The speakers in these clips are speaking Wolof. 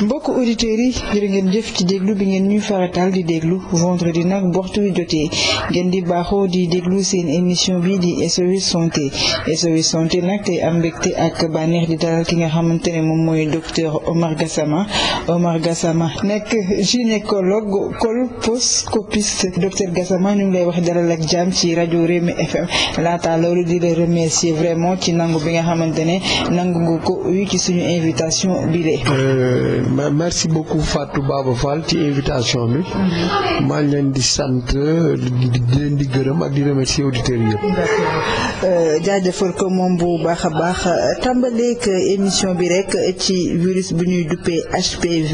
mbokk auditeurs yi jërë ngeen jëf ci déglu bi ngeen ñuy faratal di déglu vendredi nag waxtu wi jotee ngeen di baaxoo di déglu seen émission bi di SOS santé SOS santé nag tey am mbégte ak bànneex di dalal ki nga xamante ne moom mooy docteur Omar Gassama Omar Gassama nekk gynécologue colposcopiste docteur Gassama ñu ngi lay wax dalal ak jàmm ci rajo Rewmi FM laata loolu di la remercier vraiment ci nangu bi nga xamante ne nangu ko uyu ci suñu invitation bi merci beaucoup Fatou Baba Fall ci invitation bi. Mm-hmm. maa ngi leen di sant di leen di gërëm ak di remercier auditeurs yëpp. Euh, jaajëfal ko moom bu baax a baax tàmbaleeg émission bi rek ci virus bu ñuy duppee HPV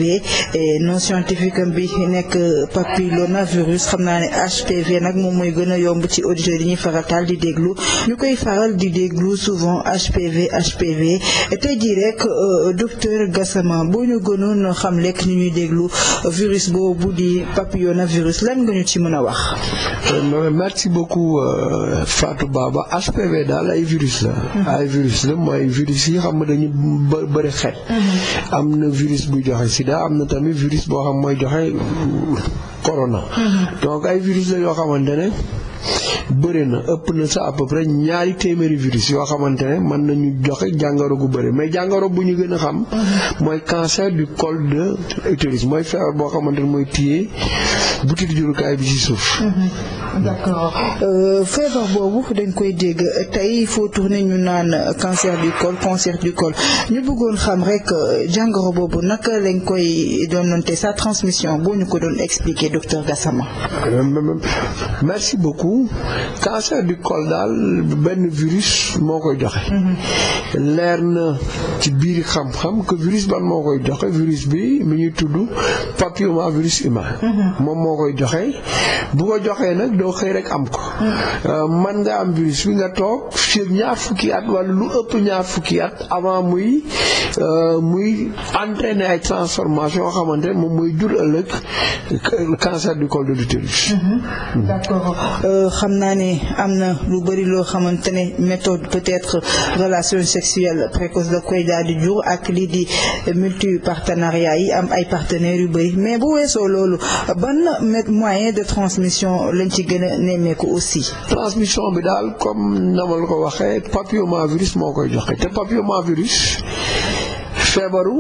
non scientifique bi nekk papillomavirus xam naa ne HPV nag moom mooy gën a yomb ci auditeurs yi ñuy taal di déglu ñu koy faral di déglu souvent HPV HPV tey jii rek euh, docteur Gassama boo ñu gën gënoon xam lekk ni ñuy déglu virus boobu di papillonavirus lan nga ñu ci mën a wax. Euh, merci beaucoup euh, Fatou Baba HPV daal ay virus la. Mhm. ay virus la mooy virus yi xam nga dañu bëri xeet. Mhm. am na virus bu joxe si sida am na tamit virus boo xam mooy joxe corona. Mhm. donc ay virus la yoo xamante bëri na ëpp na sa à peu ñaari téeméeri virus yoo xamante ne mën nañu joxe jàngoro gu bëri mais jàngoro bu ñu gën a xam mhm. mooy cancer du col de l'utérus mooy feebar boo xamante mooy téye butit jurukaay bi ci suuf mhm. d'accord euh, feebar boobu dañ koy dégg tey foo tourné ñu naan cancer du col cancer du col ñu bëggoon xam rek euh, jàngoro boobu naka lañ koy doonante sa transmission boo ñu ko doon expliquer docteur Gassama euh, merci beaucoup cancer du col daal benn virus moo koy joxe. Mm-hmm. leer na ci biir xam-xam que virus ban moo koy joxe virus bi mi ñuy tudd papilloma virus humain. Mm-hmm. moom moo koy joxe bu ko joxee nag doo xëy rek am ko. man mm-hmm. euh, nga am virus bi nga toog fii ak ñaar fukki at wala lu ëpp ñaar fukki at avant muy euh, muy entraîner ay transformation yoo xamante moom mooy jur ëllëg cancer du col de l'utérus. d'accord euh, xam naa naa ne am na lu bëri loo xamante ne méthode peut-être relation sexuelle précoce da koy daal di jur ak lii di multi partenariat yi am ay partenaires yu bëri mais bu weesoo loolu ban moyen de transmission lañ ci gën a nemmeeku aussi. transmission bi daal comme namal ko waxee papillomavirus moo koy joxe te papillomavirus feebaru.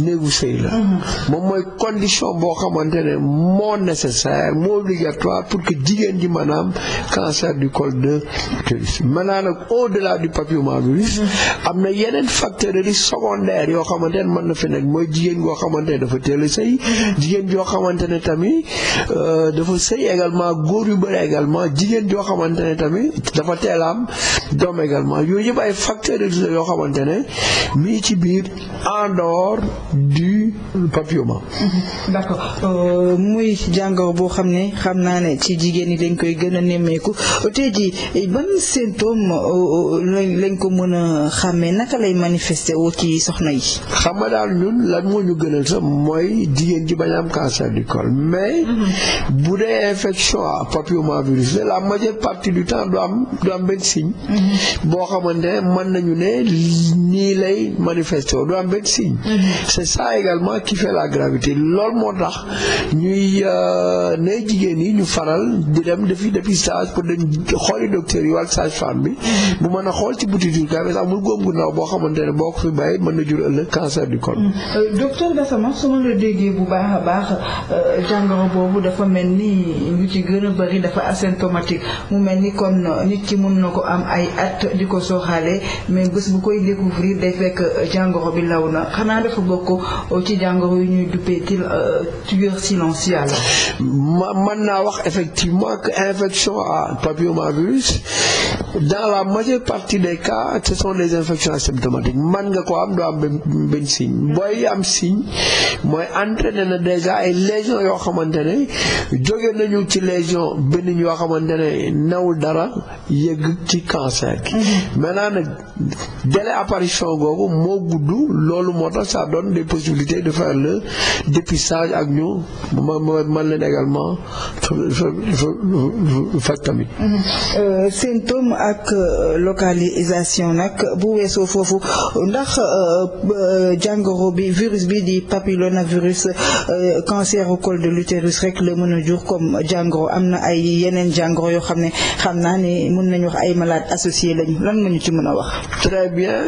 néegu sëy la mhm. moom mooy condition boo xamante ne moo nécessaire moo obligatoire pour que jigéen ji maanaam cancer du col de l'utérus maintenant nag au delà du papillomavirus mhm. am na yeneen facteur de risque secondaire yoo xamante ne mën na fi nekk mooy jigéen goo xamante ne dafa teel a sëy mhm. jigéen joo xamante ne tamit euh, dafa sëy également góor yu également jigéen joo xamante ne tamit dafa teel a am doom également yooyu yëpp ay facteur de risque yoo xamante ne mii ci biir en dehors du papilloma. Mhm. d'accord euh, muy jàngoro boo xam ne xam naa ne ci jigéen ñi lañ koy gën nemmeeku tey jii ban symptôme euh, euh, lañ lañ ko mën a xàmmee naka lay manifester woo ci soxna yi. xam nga daal ñun lan moo ñu gënal sax mooy jigéen ji bañ a am cancer du col mais. Mhm. bu dee infection à papillomavirus la majeure partie du temps du am du am benn signe. Mhm. boo xamante ne mën nañu ne nii lay manifester du am benn signe. c'est ça également qui fait la gravité lool moo tax ñuy euh, ne jigéen yi ñu faral di dem defi dépistage pour dem xooli docteur yi wala sage-femme bi mm-hmm. bu mën a xool ci buti jurkaay bi sax mu góom gu ndaw boo xamante ne boo ko fi bàyyi mën na jur ëllëg cancer du col mm-hmm. euh, docteur Gassama su ma la déggee bu baax a baax euh, jàngoro boobu dafa mel ni ñu ci gën a bëri dafa asymptomatique mu mel ni kon nit ki mën na ko am ay at di ko sooxaale mais bés bu koy découvrir day fekk jàngoro bi law na xanaa dafa bokk bokk ci jàngoro yu ñuy duppee til euh, tueur silencieux ma mën naa wax effectivement que infection à papillomavirus dans la majeure partie des cas ce sont des infections asymptomatiques man nga ko am doo am benn signe booy am signe mooy entraîné na déjà ay lésions yoo xamante ne jóge nañu ci lésion benn yoo xamante ne nawul dara yëgg ci cancer ki maintenant nag délai apparition googu moo gudd loolu moo tax sa donne des possibilités de faire le dépistage ak ñu ma man leen également fekk tamit symptôme ak euh, localisation nag bu weesoo foofu ndax euh, euh, jàngoro bi virus bi di papillonavirus cancer au col de l'utérus rek la mën a jur comme jàngoro am na ay yeneen jàngoro yoo xam ne xam naa ni mën nañu wax ay malades associé lañu lan nga ñu ci mën a wax. très bien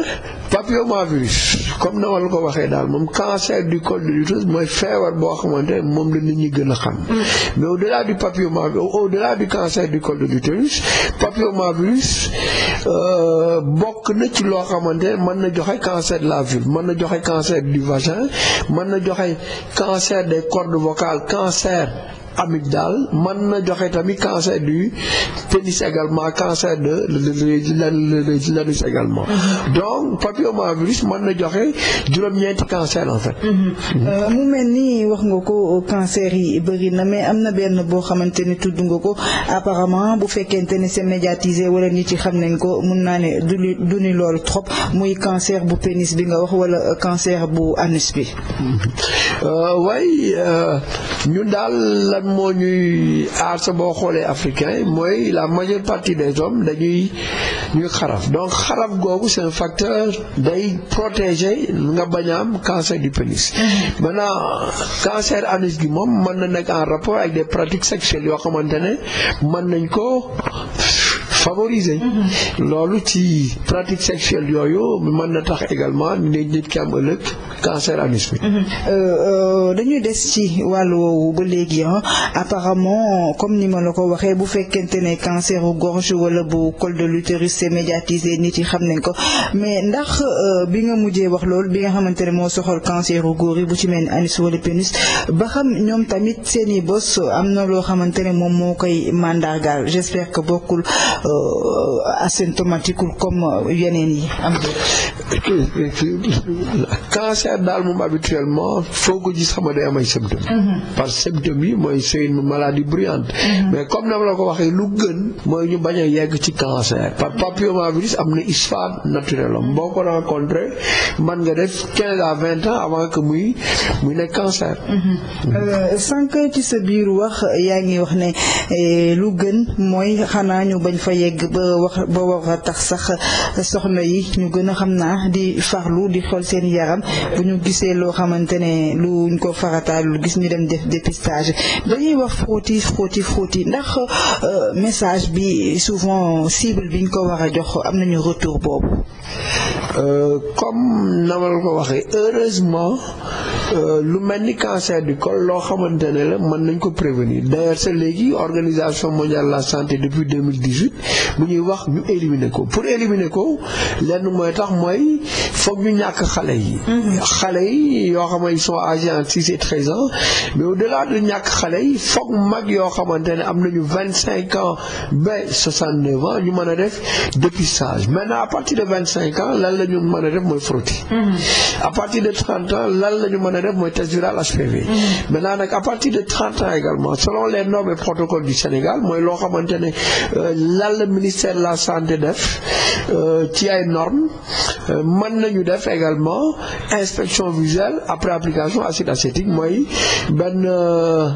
papillomavirus comme na ma la ko waxee daal moom cancer du col de l'utérus mooy feebar boo xamante moom la nit ñi gën a xam. Mm. mais au delà du papilloma au delà du cancer du col de l'utérus papillomavirus euh, bokk na ci loo xamante ne mën na joxe cancer de la vulve mën na joxe cancer du vagin mën na joxe cancer des cordes vocales cancer. amygdale mën na joxe tamit cancer du pénis également cancer de l'anus également ah. donc papillomavirus mën na joxe juróom-ñeenti cancer en fait. Mhm. Euh, mu mel ni wax nga ko cancer yi bëri na mais am na benn boo xamante ni tudd nga ko apparemment bu fekkente ne c'est médiatisé wala nit yi xam nañ ko mun naa ne du du ni loolu trop muy cancer bu pénis bi nga wax wala cancer bu anus bi. Mhm. Euh, waaye euh, ñun daal moo ñuy aar sa boo xoolee africain mooy la majeure partie des hommes dañuy ñuy xaraf donc xaraf googu c'est un facteur day protéger nga bañ am cancer du pénis mm-hmm. maintenant cancer anus gi moom mën na nekk en rapport ak des pratiques sexuelles yoo xamante ne mën nañ ko favoriser. Mhm. loolu ci pratique sexuelle yooyu mën na tax également nit nit ki am ëllëg cancer anus bi. dañuy des ci wàllu woowu ba léegi apparemment comme ni ma la ko waxee bu fekkente ne cancer gorge wala bu col de l'utérus c'est médiatisé nit yi xam nañ ko mais ndax euh, bi nga mujjee wax lool bi nga xamante ne moo soxal cancer góor yi bu ci mel ni anus wala pénis ba xam ñoom tamit seeni bos am na loo xamante ne moom moo koy mandargaal j'espère que bokkul. Euh, Euh, asymptomatique comme euh, yeneen yi am cancer daal moom habituellement foo ko gis xam nga day am ay symptômes. parce que symptômes yi mooy c'est une maladie bruyante. Mm-hmm. mais comme na ma la ko waxee lu gën mooy ñu bañ a yegg ci cancer par mm-hmm. papillomavirus am na histoire naturelle am mm-hmm. boo ko rencontré man nga def avant que muy nekk cancer. Euh, sànq ci sa biir wax yaa ngi wax ne eh, lu gën mooy xanaa ñu bañ fa yegg ba wax ba wax a tax sax soxna yi ñu gën a xam naa. di farlu di xool seen yaram bu ñu gisee loo xamante ne luñ ko farataalu gis ñu dem def dépistage dañuy wax frotti frotti frotti ndax euh, message bi souvent cible biñ ko wax a jox am nañu retour boobu. Euh, comme na ma la ko waxee heureusement euh, lu mel ni cancer du col loo xamante ne la mën nañ ko prévenir d'ailleurs c'est léegi organisation mondiale de la santé depuis 2018 bu ñuy wax ñu éliminer ko pour éliminer ko lenn mooy tax mooy foog ñu ñàkk xale yi. Mhm. xale yi yoo xam ne ils sont âgés entre six ñàkk xale yi foog mag yoo xamante ne am nañu vingt cinq ans ba soixante neuf ans ñu mën a def dépistage maintenant à partir de vingt cinq ans lan la la ñu mën a mhm. partir de 30 ans lan la ñu mën a def mooy test viral HPV. Mhm. maintenant nag à partir de 30 également selon les normes et protocoles du Sénégal mooy loo xamante ne euh, lan la ministère de la santé def euh, ci ay normes euh, mën nañu def également inspection visuelle après application acide acétique mooy benn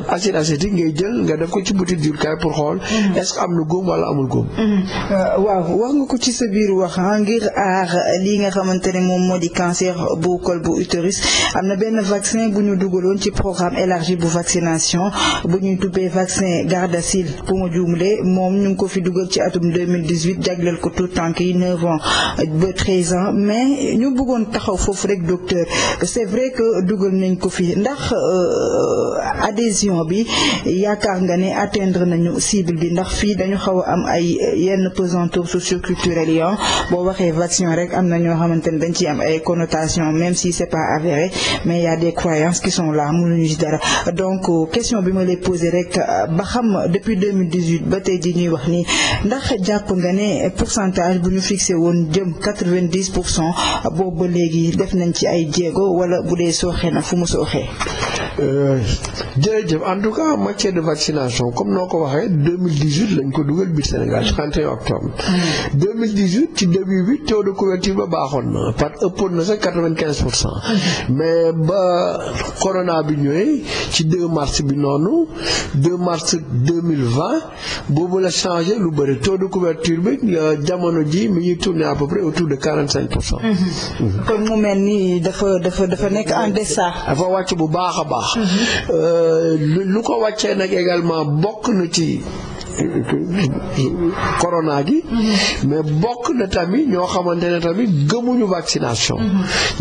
acide acétique ngay jël nga def ko ci butit jurkaay pour xool. Mhm. est am na góom wala amul góom. waaw wax nga ko ci sa biir wax ah, ngir aar lii nga xamante ne moom moo di cancer bu col bu utérus am na benn vaccin bu ñu dugaloon ci programme élargi bu vaccination bu ñuy tubbee vaccin Gardasil bu ma juumlee moom ñu ngi ko fi dugal ci atum 2018 jagleel ko tout tànk yi 9 ans ba 13 ans mais ñu buggoon taxaw foofu rek docteur c'est vrai que dugal nañ ko fi ndax euh, adhésion bi yaakaar nga ne atteindre nañu cible bi ndax fii dañu xaw a am ay yenn pesanteur socioculturel yi ah. boo waxee vaccin rek am na ñoo xamante ne dañ ciy am ay connotations même si c'est pas avéré mais y a des croyances qui sont là mënuñu ci dara donc euh, question bi ma lay poser rek euh, ba xam depuis ba tey ji ñuy wax nii ndax jàpp nga ne pourcentage bu ñu fixé woon jëm 90 pour cent boobu ba léegi def nañ ci ay jéego wala bu dee sooxee na fu mu sooxee. Euh, jërëjëf en tout cas matière de vaccination comme noo ko waxee 2018 lañ ko dugal biir Sénégal octobre. Mm. ci début bi taux de couverture ba baaxoon na par ëppoon na sax quatre-vingt-quinze pour cent mais ba corona bi ñëwee ci 2 mars bi noonu 2 mars 2020 boobu la changé lu bëri taux de couverture bi euh, jamono ji mu ñuy tourner à peu près de quarante-cinq pour cent. Mhm. Mhm. kon mu mel ni dafa dafa dafa nekk en deçà. dafa wàcc bu baax a baax. Mhm. Euh, lu ko wàccee nag également bokk na ci. corona gi mais bokk na tamit ñoo xamante ne tamit gëmuñu vaccination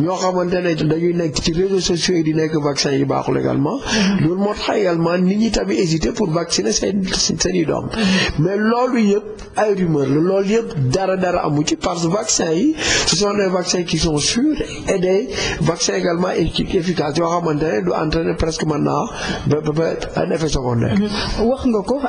ñoo xamante ne dañuy nekk ci réseaux sociaux yi di nekk vaccin yi baaxul également loolu moo tax également nit ñi tamit hésité pour vacciner seen seen i doom mais loolu yëpp ay rumeur la loolu yëpp dara dara amu ci parce que vaccin yi ce sont des vaccins qui sont sûrs et des vaccins également efficaces yoo xamante ne du entraîner presque man naa ba ba un effet secondaire wax nga ko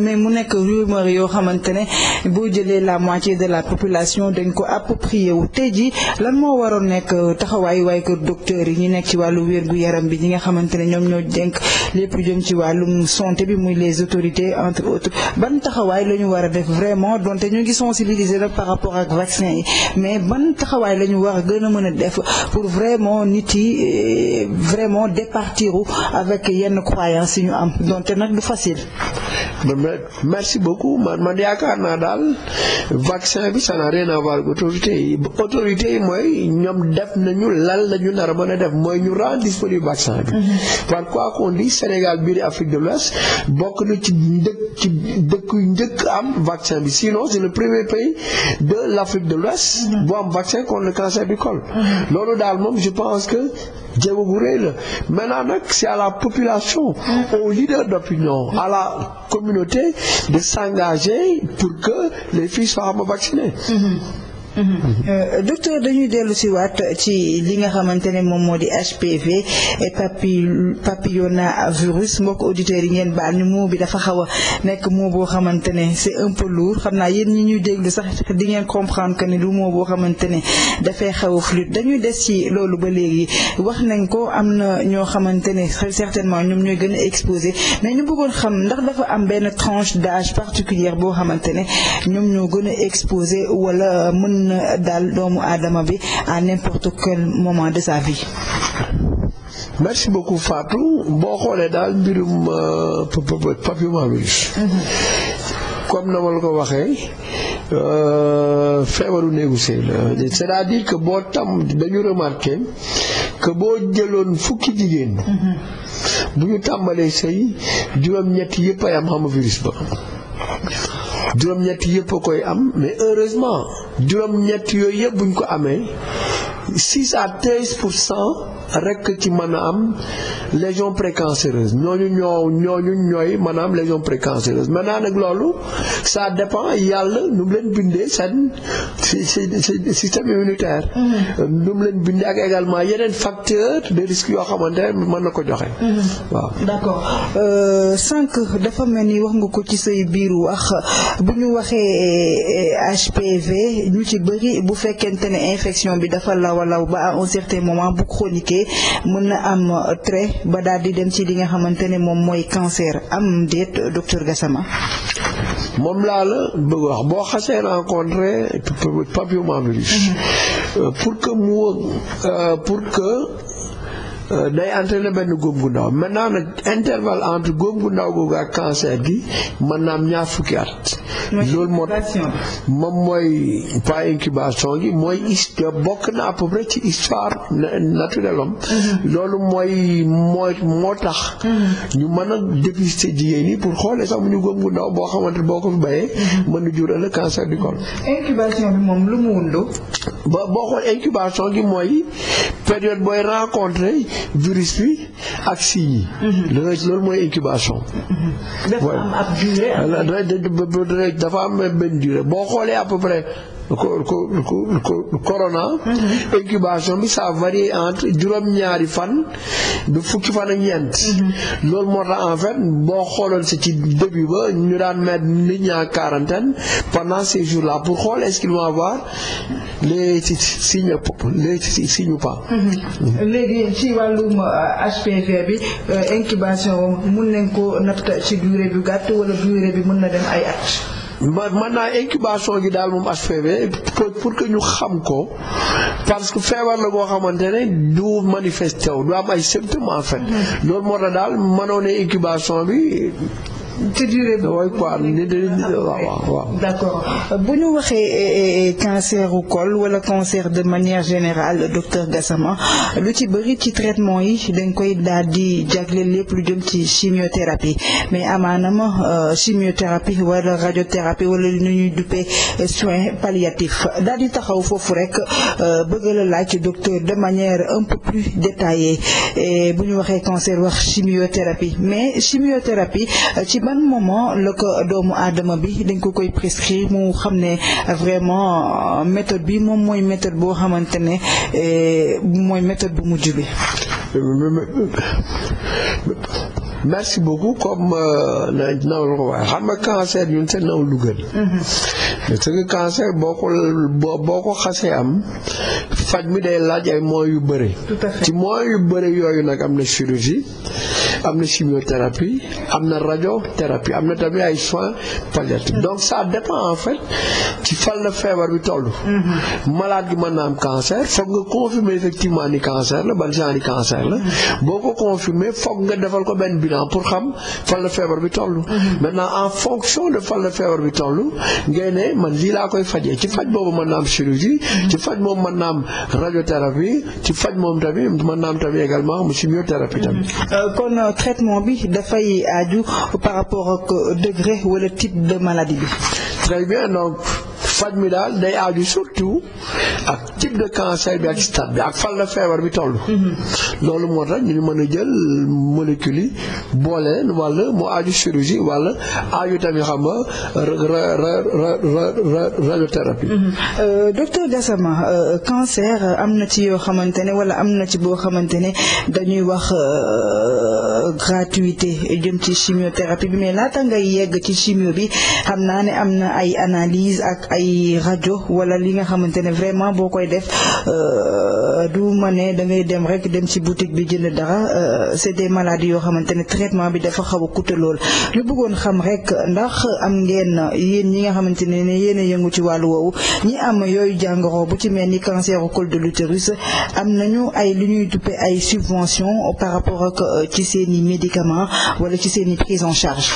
mais mu nekk rumeur yoo xamante ne boo jëlee la moitié de la population dañ ko approprié wu tey ji lan moo waroon nekk taxawaay waay kër docteur yi ñu nekk ci wàllu wér-gu-yaram bi ñi nga xamante ne ñoom ñoo dénk lépp jëm ci wàllum santé bi les autorités entre autres ban taxawaay la ñu war a def vraiment donte ñu ngi sensibiliser nag par rapport ak vaccin yi mais ban taxawaay la ñu war a gën a mën a def pour vraiment nit yi eh, vraiment départir avec yenn croyance yi ñu am donte nag du facile merci beaucoup man man yaakaar naa daal vaccin bi ça n'a rien à voir autorité yi autorité mooy ñoom def nañu lan la ñu nar a mën a def mooy ñu rendre disponible vaccin bi. Mm-hmm. par quoi qu'on Sénégal bi di Afrique de l'Ouest bokk na ci dëkk ci dëkk njëkk am vaccin bi sinon c'est le premier pays de l'Afrique de l'Ouest mm-hmm. bu am vaccin contre le cancer du col. Mm-hmm. loolu daal moom je pense que. jéego bu rëy la maintenant nag c'est à la population aux leaders d'opinion à la communauté communauté de s'engager pour que les filles soient vaccinées. Mm mm-hmm. Euh, docteur dañuy dellu si waat ci li nga xamante ne moom moo di HPV et papi papillonavirus mbokk auditeurs yi ngeen baal ñu moo bi dafa xaw nekk moo boo xamante ne c'est un peu lourd xam naa yéen ñi ñuy déglu sax di ngeen comprendre que ni du moo boo xamante ne dafay xaw a fluide dañuy des ci loolu ba léegi wax nañ ko am na ñoo xamante ne certainement ñoom ñooy gën a exposé mais ñu bëggoon xam ndax dafa am benn tranche d'âge particulière boo xamante ñoom ñoo mun a doomu aadama bi à n'importe quel moment de sa vie. merci beaucoup Fatou boo xoolee daal mbirum euh, papillomavirus. Mm-hmm. comme na ma la ko waxee. Euh, feebaru néegu sëy la c'est-à-dire que boo tam dañu remarqué que boo jëloon fukki jigéen mm-hmm. bu ñu tàmbalee sëy juróom-ñett yëpp ay am virus ba juróom-ñett yëpp a koy am mais heureusement juróom-ñett yooyu yëpp buñ ko amee six à treize pour cent rekk ci mën a am légion précancéreuse ñooñu ñoo ñooñu ñooy mën a am légion précancéreuse maintenant nag loolu ça dépend yàlla nu mu leen bindee seen si si système immunitaire mm-hmm. nu mu leen bindee ak également yeneen facteur de risque yoo xamante ne mën na ko joxe mm-hmm. waaw d'accord euh, sànq dafa mel ni wax nga ko ci say biiru wax bu ñu waxee HPV eh, ñu ci bëri bu fekkente ne infection bi dafa law a law ba à un certain moment bu chronique feebaree mën na am trait ba daal di dem ci li nga xamante ne moom mooy cancer am déet docteur Gassama. moom laa la bëgg wax boo xasee rencontré papillomavirus. pour que mu pour que Euh, day entraîner benn góom gu man naa nag intervalle entre góom gu ndaw googu ak cancer gi mën naa am ñaar fukki at. loolu moo moom mooy pas incubation gi mooy bokk na à ci histoire naturel mm-hmm. loolu mooy mooy moo tax. Mm-hmm. ñu mën a dépister jigéen ñi pour xoolee sax mu ñu góom gu ndaw boo xamante boo ko fi bayee. Mm-hmm. mën na jural la cancer du col. incubation bi moom lu mu wëndoo. boo xool incubation gi mooy période booy rencontré. virus bi ak signes yi. Mhm. loolu mooy incubation. Mhm. dafa am ab durée dafa am benn durée boo xoolee à peu près corona. Mm-hmm. incubation bi ça varie entre juróom-ñaari fan ba fukki fan ak ñeent. Mm-hmm. loolu moo tax en fait boo xooloon si ci début ba ñu daan mettre nit ñi en quarantaine pendant ces jours là pour xool est-ce qu'ils vont avoir les signes les signes pas. Mm-hmm. Euh, bi euh, incubation mun nañ ko natt ci durée bu gàtt wala durée bi mën na dem ay at. man naa incubation gi daal moom HPV pour que ñu xam ko parce que feebar la goo xamante ne du manifesté wu du am ay symptômes en fait mm-hmm. loolu moo tax daal mënoon incubation bi ci durée bi waaw waaw. d'accord bu ñu waxee eh, eh, eh, cancer wu col wala cancer de manière générale docteur Gassama lu ci bëri ci traitement yi dañ koy daal di jagleel lépp lu jëm ci chimiothérapie mais amaanam euh, chimiothérapie wala radiothérapie wala nu ñuy duppee euh, soins palliatifs daal di taxaw foofu rek euh, bëgg la laaj docteur de manière un peu plus détaillée bu ñu waxee cancer wax chimiothérapie mais chimiothérapie ci. ban moment la ko doomu aadama bi dañ ko koy prescrire mu xam ne vraiment euh, méthode bi moom mooy méthode boo xamante ne euh, mooy méthode bu mujj bi. merci beaucoup comme euh, naw lu gën mm-hmm. parce que cancer boo ko xasee am faj mi day laaj ay moyens yu bëri ci moyens yu bëri yooyu nag am na chirurgie am na chimiothérapie am na radiothérapie am na tamit ay soins palliatifs donc ça dépend en fait ci fan la feebar bi toll. Mm-hmm. malade gi mën na am cancer foog nga confirmer effectivement ni cancer la ban genre ni cancer la mm-hmm. boo ko confirmer foog nga defal ko benn bilan pour xam fan la feebar bi toll. Mm-hmm. maintenant en fonction de fal la feebar bi toll ngay ne man lii laa koy fajee ci faj boobu mën na am chirurgie ci faj moom mën na am radiothérapie ci faj moom tamit mën na am tamit également chimiothérapie tamit. Euh, euh, traitement bi dafay aaju par rapport ak degré wala type de maladie bi. très bien donc faj mi daal day aaju surtout ak type de cancer bi ak stade bi ak fan la feebar bi toll. Mm-hmm. loolu moo tax ñu mën a jël molécule yi boole leen wala mu aaju chirurgie wala aaju tamit xam nga radiothérapie. Mm-hmm. Euh, docteur Gassama euh, cancer euh, am na ci yoo xamante ne wala am na ci boo xamante ne dañuy wax gratuité jëm ci chimiothérapie bi mais laata ngay yegg ci chimio bi xam naa ne am na ay analyse ak ay. ci rajo wala li nga xamante ne vraiment boo koy def euh, du ma ne da ngay dem rek dem ci boutique bi jënd dara euh, c'est des maladies yoo xamante ne traitement bi dafa xaw a coûter lool lu bëggoon xam rek ndax am ngeen yéen ñi nga xamante ne ne yéen a yëngu ci wàllu woowu ñi am yooyu jàngoro bu ci mel ni cancer au col de l'utérus am nañu ay lu ñuy duppe ay subvention par rapport ak euh, ci seeni médicaments wala ci seeni prise en charge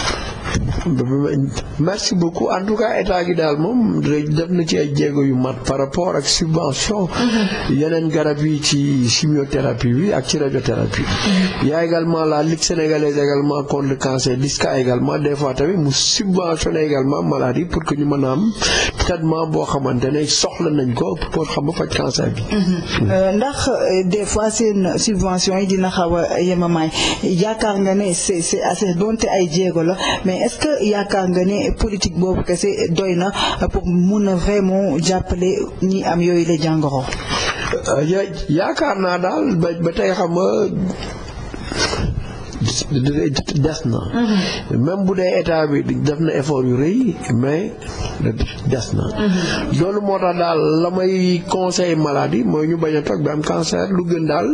merci beaucoup en tout cas état gi daal moom def na ci ay jéego yu mat par rapport ak subvention mhm. yeneen garab yi ci chimiothérapie bi ak ci radiothérapie bi mhm. yaa également la ligue sénégalaise également contre le cancer LISCA également des fois tamit mu subventionné également maladie pour que ñu mën a am traitement boo xamante ne soxla nañ ko pour xam nga faj cancer bi mhm. mm. euh, ndax euh, des fois seen subvention yi dina xaw a yemamaay yaakaar nga ne c'est c'est ay jéego la yaakaar nga ne politique boobu kese doy na pour mun vraiment jàppale ñi am yooyu la jàngoro. Euh, yaakaar naa daal ba tey xam nga des na. même bu dee état bi def na effort yu rëy mais des na. loolu moo tax daal la may conseil maladie mooy ñu bañ a toog ba am cancer lu gën daal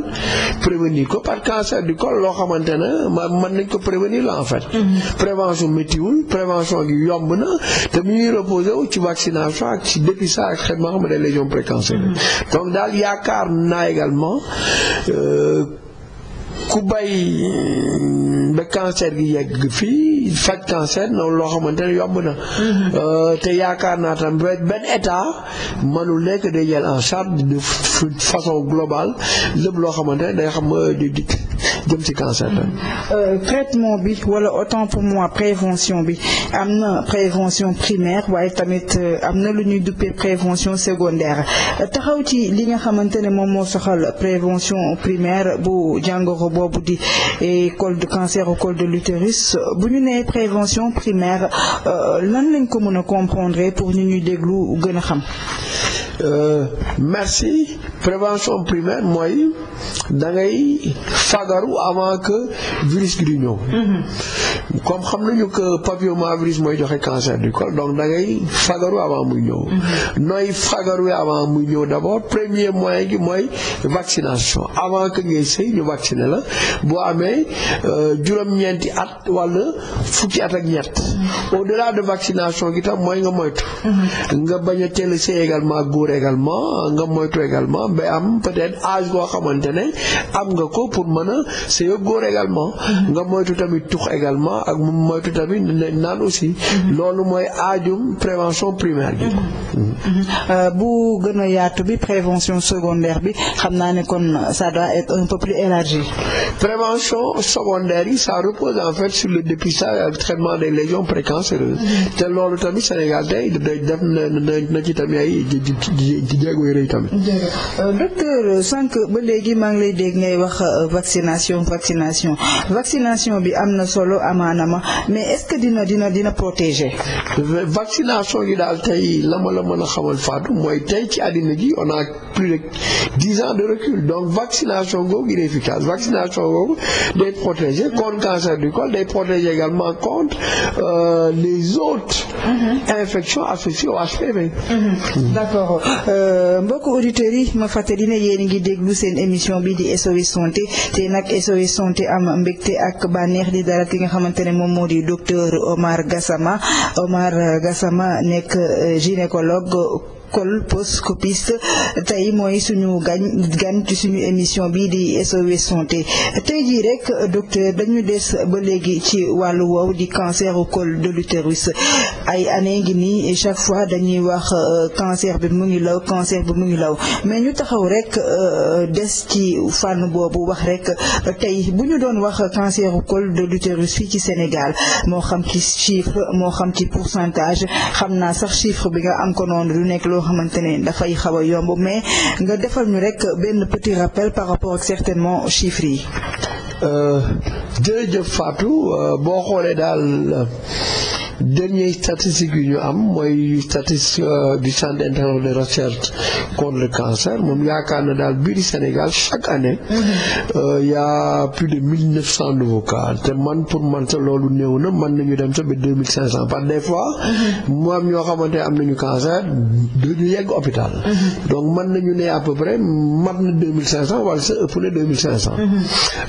prévenir ko par cancer du col loo xamante ne man nañ ko prévenir la en fait. prévention méttiwul prévention gi yomb na te mu ñuy reposer ci vaccination ak ci dépistage ak traitement des légions précancéreuses donc daal yaakaar naa également. Euh, ku bay mm, ba cancer gi yegg fii faj cancer noonu loo xamante ne yomb na. Mm-hmm. Euh, te yaakaar naa tam benn état mënul nekk day jël en charge de façon globale lépp loo xamante ne day xam euh, di dikk. jëm ci cancer bi. Euh, traitement bi wala autant pour moi prévention bi am na prévention primaire waaye tamit euh, am na lu ñuy duppee prévention secondaire euh, taxaw ci li nga xamante ne moom moo soxal prévention primaire bu jàngoro boobu di col de cancer au col de l'utérus bu ñu nee prévention primaire lan lañ ko mën a comprendre pour ñu ñuy déglu gën a xam. Euh, merci prévention primaire mooy dangay ngay fagaru avant que virus gi di ñëw. Mm-hmm. comme xam nañu que papillomavirus mooy joxe cancer du col donc da ngay fagaru avant muy ñëw. Mm-hmm. nooy fagaru avant muy ñëw d' abord premier mois gi mooy vaccination avant que ngay sëy ñu vacciner la boo amee euh, juróom-ñeenti at wala fukki at ak ñett mm-hmm. au delà de vaccination gi tam mooy nga moytu. nga bañ a teel sëy également góor pour également nga moytu également ba am peut-être am nga ko pour mën a sëy ak góor également mm-hmm. nga moytu tamit tux également ak mu moytu tamit naan aussi mm-hmm. loolu mooy aajum prévention primaire bi mm-hmm. Euh, bu gën a yaatu bi prévention secondaire bi xam naa ne kon ça doit être un peu plus élargi prévention secondaire yi ça repose en fait sur le dépistage ak traitement des légions précancéreuses te loolu tamit Sénégal tey na na tamit ay ci ci euh, euh, sànq ba léegi maa ngi lay dégg ngay wax euh, vaccination vaccination vaccination bi am na solo amaanama mais est dina dina dina protéger. vaccination yi daal tey la ma la mën a xamal Fatou mooy tey ci àddina gi on a plus de dix ans de recul donc vaccination googu il efficace vaccination googu day protéger contre cancer du col day protéger également contre les autres. Mm -hmm. infections associées Euh, mbokk auditeurs yi ma fàttali ne yéen a ngi déglu seen émission bi di SOS santé nag SOS santé am mbégte ak bànneex di dara ki nga xamante ne moom moo di docteur Omar Gassama Omar Gassama nekk euh, gynécologue. colposcopiste tey mooy suñu gañ gan ci suñu émission bii di SOS santé tey jii rek docteur dañu des ba léegi ci wàllu wow di cancer cole col de l'utérus ay année ngi nii chaque fois dañuy wax euh, cancer bi mu ngi law cancer bi mu law mais ñu taxaw rek euh, des ci fànn boobu wax rek tey bu ñu doon wax cancer cole col de l'utérus fii ci Sénégal moo xam ci chiffre moo xam ci pourcentage xam naa sax chiffre bi nga am ko du nekk yoo xamante ne dafay xaw a yomb mais nga defal ñu rek benn petit rappel par rapport ak certainement chiffres yi. Euh, jërëjëf Fatou euh, boo xoolee daal. dernier statistique yu ñu am mooy statistique euh, du centre international de recherche contre le cancer moom yaakaar na daal biir Sénégal chaque année. Mm-hmm. Euh, y a plus de mille neuf cent nouveaux cas man pour man loolu néew na mën nañu dem sa ba deux mille cinq des fois. Mm-hmm. mu am ñoo ne am nañu cancer duñu yegg hôpital. Mm-hmm. donc mën nañu ne à peu près mat na wala sa ëpp na deux mille cinq cent.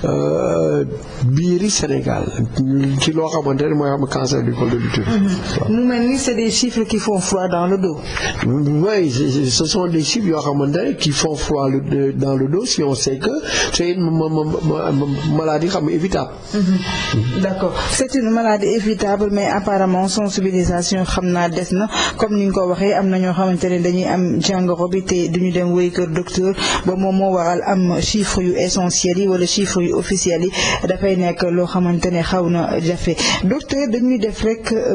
Euh, biiri Sénégal mooy xam du col de l'utérus chiffres. mu mel ni c'est des chiffres qui font froid dans le dos. oui ce sont des chiffres yoo xamante ne qui font froid dans le dos si on sait que c'est une maladie xam évitable. Mm-hmm. d'accord c'est une maladie évitable mais apparemment sensibilisation xam naa des na comme ni nga ko waxee am na ñoo xamante ne dañuy am jàngoro bi te duñu dem way kër docteur ba moom moo waral am chiffres yu essentiels yi wala chiffres yu officiels yi dafay nekk loo xamante ne xaw na jafe docteur dañuy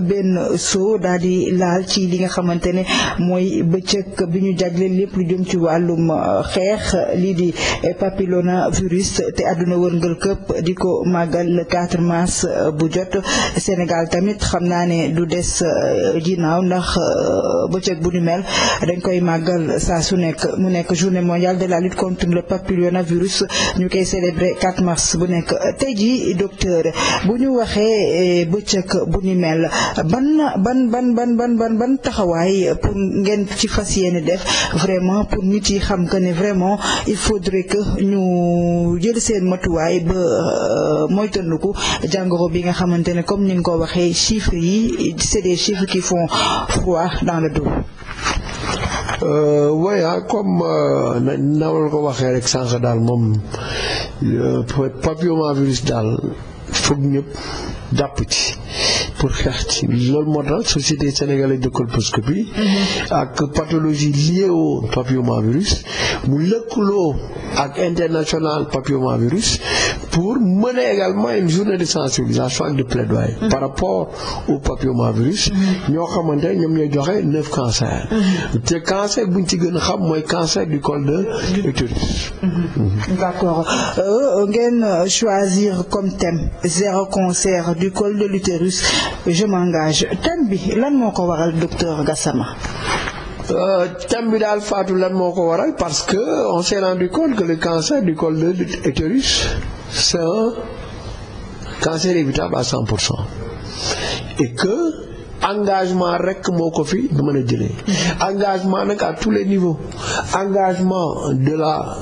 benn soo daal di laal ci li nga xamante ne mooy bëccëg bi ñu jagleel lépp lu jëm ci wàllum euh, xeex lii di papillomavirus te àdduna wërngal këpp di ko màggal le 4 mars euh, bu jot Sénégal tamit xam naa ne du des euh, ginnaaw ndax bëcëg bu ñu mel dañ koy màggal saa su nekk mu nekk journée mondiale de la lutte contre le papillomavirus ñu koy célébrer 4 mars bu nekk tey jii docteur bu ñu waxee bëccëg bu ñu mel ban ban ban ban ban ban ban taxawaay pour ngeen ci fas yéene def vraiment pour nit yi xam que ni vraiment il faudrait que ñu jël seen matuwaay ba euh, moytandiku jàngoro bi nga xamante ne comme ni nga ko waxee chiffres yi c'est des chiffres qui font froid dans le dos. waya euh, ah, comme euh, nawal ko waxee rek sànq daal moom papillomavirus daal foog ñëpp jàpp ci pour xeex ci loolu moo tax société sénégalaise de colposcopie ak pathologie liée au papillomavirus mu lëkkaloo ak international papillomavirus pour mener également une journée de sensibilisation ak de plaidoyer. Mm-hmm. par rapport au papillomavirus. Mm-hmm. ñoo xamante ne ñoom ñooy joxe neuf cancers. Mm-hmm. te cancer bu ñu ci gën a xam mooy cancer du col de l'utérus. d'accord euh, ngeen choisir comme thème zéro cancer du col bi lan moo ko waral docteur Gassama. Euh, thème bi daal Fatou lan moo ko waral parce que on s'est rendu compte que le cancer du col de l'utérus c'est cancer évitable à pour cent et que engagement rek moo ko fi mën a jëlee engagement nag à tous les niveaux engagement de la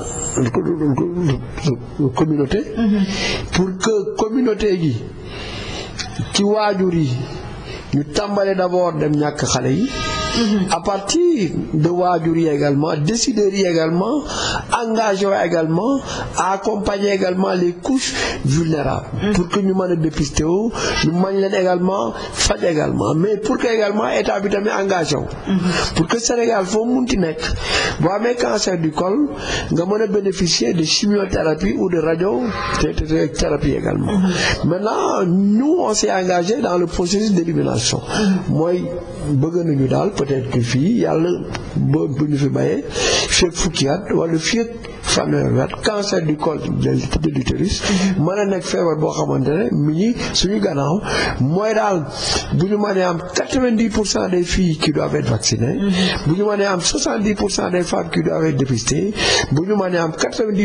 communauté pour que communauté gi ci waajur yi ñu tàmbale d'abord dem ñàkk xale yi à partir de waajur yi également décideurs yi également engagé également à accompagner également les couches vulnérables mm. pour que ñu mën a dépister wu ñu mën leen également faj également mais pour que également état bi tamit engagé mm-hmm. pour que Sénégal foo munti nekk boo amee cancer du col nga mën a bénéficier de chimiothérapie ou de radiothérapie également mm-hmm. maintenant nous on s'est engagé dans le processus d'élimination mm-hmm. mooy bëgg nañu daal peut-être que fii yàlla bu ñu fi bàyyee fekk fukki at wala fekk fanweeri at cancer du col de l'utérus mm-hmm. mën a nekk feebar boo xamante ne mi ngi suñu gannaaw mooy daal bu ñu mënee am quatre-vingt-dix pour cent des filles qui doivent être vaccinées mm-hmm. bu ñu mënee am pour cent des femmes qui doivent être dépistées bu ñu mënee am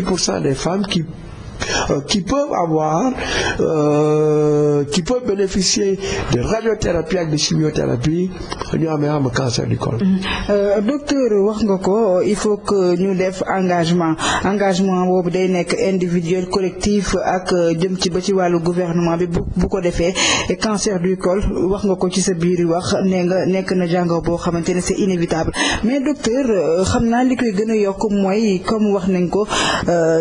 pour cent des femmes qui euh, qui peuvent avoir, euh, qui peuvent bénéficier de radiothérapie ak de chimiothérapie ñu amee am cancer du col. Mm-hmm. Euh, docteur wax nga ko il faut que ñu def engagement engagement boobu day nekk individuel collectif ak euh, jëm ci ba ci wàllu gouvernement bi bu bu ko defee cancer du col wax nga ko ci sa biir wax nee nga nekk na jàngoro boo xamante ne c'est inévitable mais docteur euh, xam naa li koy gën a yokk mooy comme wax nañ ko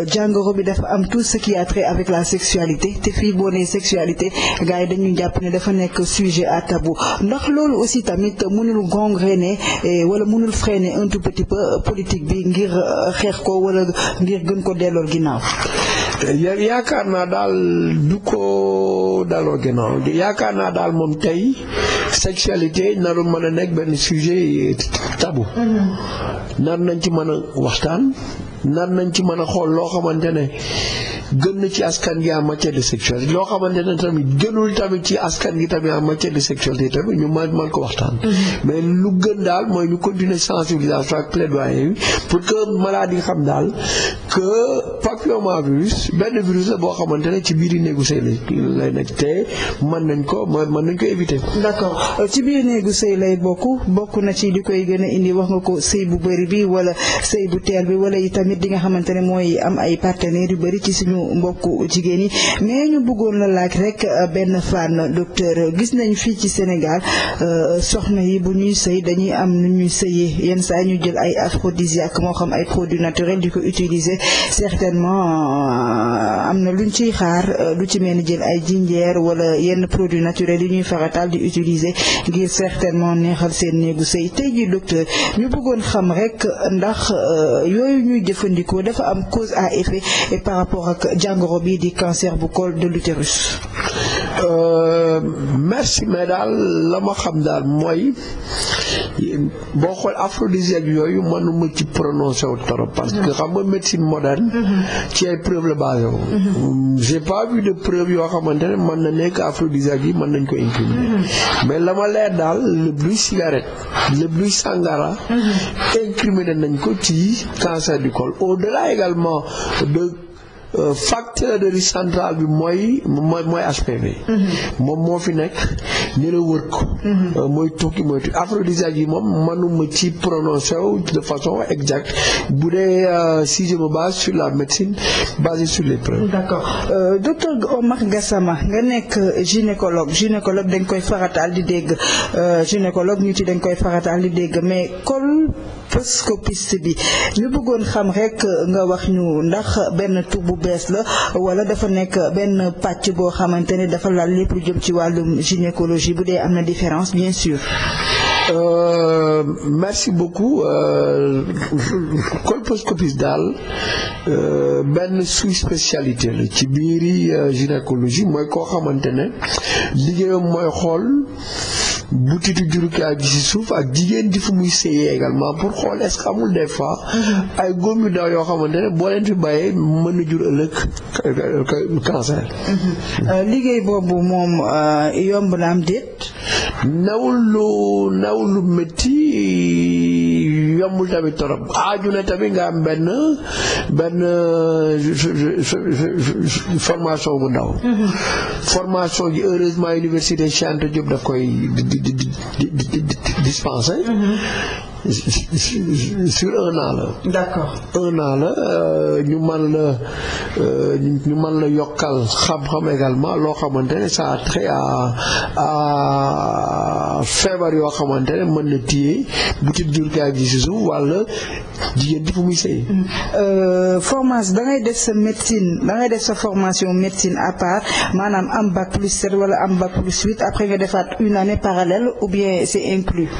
jàngoro bi dafa am tous ce qui a trait avec la sexualité te fii boo sexualité gars yi dañuy jàpp ne dafa nekk sujet à tabou ndax loolu aussi tamit mënul gangréner eh, wala mënul freiner un tout petit peu politique bi ngir euh, xeex ko wala ngir gën ko delloo ginnaaw. yaakaar naa daal du ko daaloo ginnaaw yaakaar naa daal moom tey sexualité naru mën a nekk benn sujet tabou. Mm-hmm. nar nañ ci mën a waxtaan. nan nañ ci mën a xool loo xamante ne gën na ci askan gi en matière de sexualité loo xamante ne tamit gënul tamit ci askan gi tamit en matière de sexualité tamit ñu mën man ko waxtaan. Mm-hmm. mais lu gën daal mooy ñu continuer sensibilisation ak plaidoyer bi pour que malade yi xam daal que papillomavirus benn virus la boo xamante ne ci biir néegu sëy lay nekk te man nañ ko mën nañ ko éviter. d'accord euh, ci biir néegu sëy lay bokk bokk na ci li koy gën a indi wax nga ko sëy bu bëri bi wala sëy bu teel bi wala itam tamit di nga xamante ne mooy am ay partenaires yu bëri ci suñu mbokku jigéen yi mais ñu bëggoon la laaj rek euh, benn fànn docteur gis nañu fii ci Sénégal euh, soxna yi bu ñuy sëy dañuy am nu ñuy sëyee yenn saa ñu jël ay aphrodisiaque moo xam ay produits naturels di ko utiliser certainement euh, am na luñ ciy xaar lu ci mel ni jël ay jinjeer wala yenn produits naturels yi ñuy faratal di utiliser ngir certainement neexal seen néegu sëy tey jii docteur ñu bëggoon xam rek ndax yooyu ñuy jëf jëfandikoo dafa am cause à effet et par rapport ak jàngoro bi di cancer bu col de l'utérus Euh, merci mais daal la ma xam daal mooy boo xool aphrodisiaque yooyu mënuma ci prononcé wu trop parce que xam nga médecine moderne ci ay preuve la basé wu j'ai pas vu de preuve yoo xamante ne mën na nekk aphrodisiaque yi mën nañ ko incriminer mais la ma leer daal lépp luy cigarette lépp luy sangara mhm. incriminer nañ ko ci cancer du col au delà également Euh, facteur de risque central bi mooy mooy mooy HPV. Mm-hmm. moom moo fi nekk ñu wër ko. Mm-hmm. Euh, mooy tukki mooy tukki aphrodisiaque yi moom mënuma ci prononcé wu de façon exacte bu dee euh, si je me base sur la médecine basée sur les preuves. d'accord docteur Oumar Gassama nga nekk gynécologue gynécologue dañ koy farataal di dégg gynécologue ñu ci dañ koy farataal di dégg mais col colposcopiste bi ñu bëggoon xam rek nga wax ñu ndax benn tur bu bees la wala dafa nekk benn pàcc boo xamante ne dafa laal lépp jëm ci wàllum gynécologie bu dee am na différence bien sûr. Euh, merci beaucoup euh, colposcopiste daal euh, benn sous spécialité la ci biiri euh, gynécologie mooy koo xamante ne liggéeyam mooy xool. butitu jur ki aji si suuf ak jigéen di fu muy séyee également pour xool est-ce que amul des fois mhm. ay góom yu daw yoo xamante ne boo leen fi bàyyee mën na jur ëllëg mhm. euh, moom euh, yomb na am déet nawul lu metti yombul tamit torop aaju na tamit nga am benn benn formation bu ndaw mhm. formation ji heureusement université Cheikh Anta daf koy di di di dispensé. Mm-hmm. sur un an la. d'accord un an la euh, ñu man euh, la yokkal xam-xam également loo xamante ne ça a à feebar yoo xamante ne mën na téye bu ci jur gaa gi si wala jigéen di fu muy sëy. Mm-hmm. Euh, sa médecine da ngay sa formation médecine à part maanaam am bac plus sept wala am bac plus une année parallèle ou bien c'est inclus.